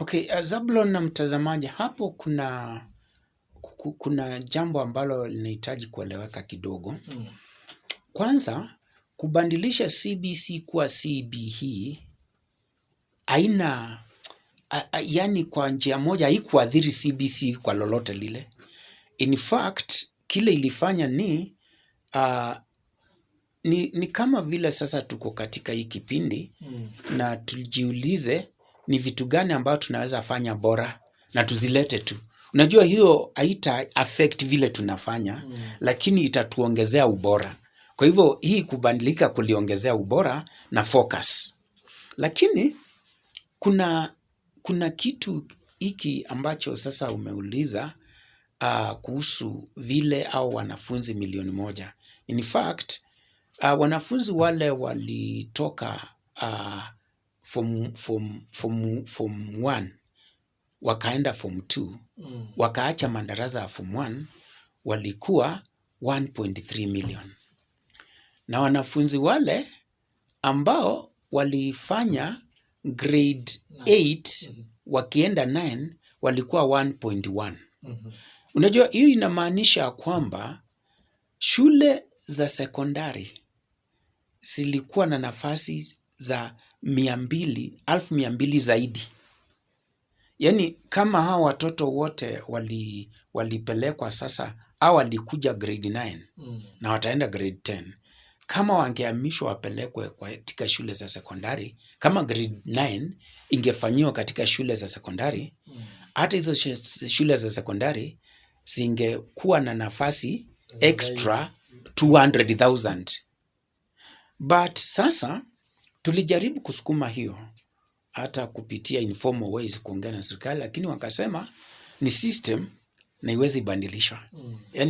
Okay, uh, Zablon na mtazamaji, hapo kuna kuna jambo ambalo linahitaji kueleweka kidogo. Mm. Kwanza kubadilisha CBC kuwa e a, a, yani kwa njia moja haikuathiri CBC kwa lolote lile. In fact kile ilifanya ni, uh, ni ni kama vile sasa tuko katika hii kipindi mm. na tujiulize ni vitu gani ambayo tunaweza fanya bora na tuzilete tu. Unajua hiyo haita affect vile tunafanya mm. lakini itatuongezea ubora. Kwa hivyo hii kubadilika kuliongezea ubora na focus. Lakini kuna kuna kitu hiki ambacho sasa umeuliza uh, kuhusu vile au wanafunzi milioni moja. In fact, uh, wanafunzi wale walitoka uh, form, form, form, form one wakaenda form two mm. wakaacha madarasa ya form one walikuwa 1.3 million, na wanafunzi wale ambao walifanya grade 8 mm -hmm. wakienda 9 walikuwa 1.1 mm -hmm. Unajua, hiyo inamaanisha kwamba shule za sekondari zilikuwa na nafasi za mia mbili, alfu mia mbili zaidi. Yaani kama hawa watoto wote wali walipelekwa sasa au walikuja grade 9 mm. na wataenda grade 10 kama wangehamishwa wapelekwe katika shule za sekondari, kama grade 9 ingefanyiwa katika shule za sekondari mm. hata mm. hizo shule za sekondari zingekuwa na nafasi extra 200,000 but sasa Tulijaribu kusukuma hiyo hata kupitia informal ways kuongea na serikali, lakini wakasema ni system na iwezi badilishwa mm. Yani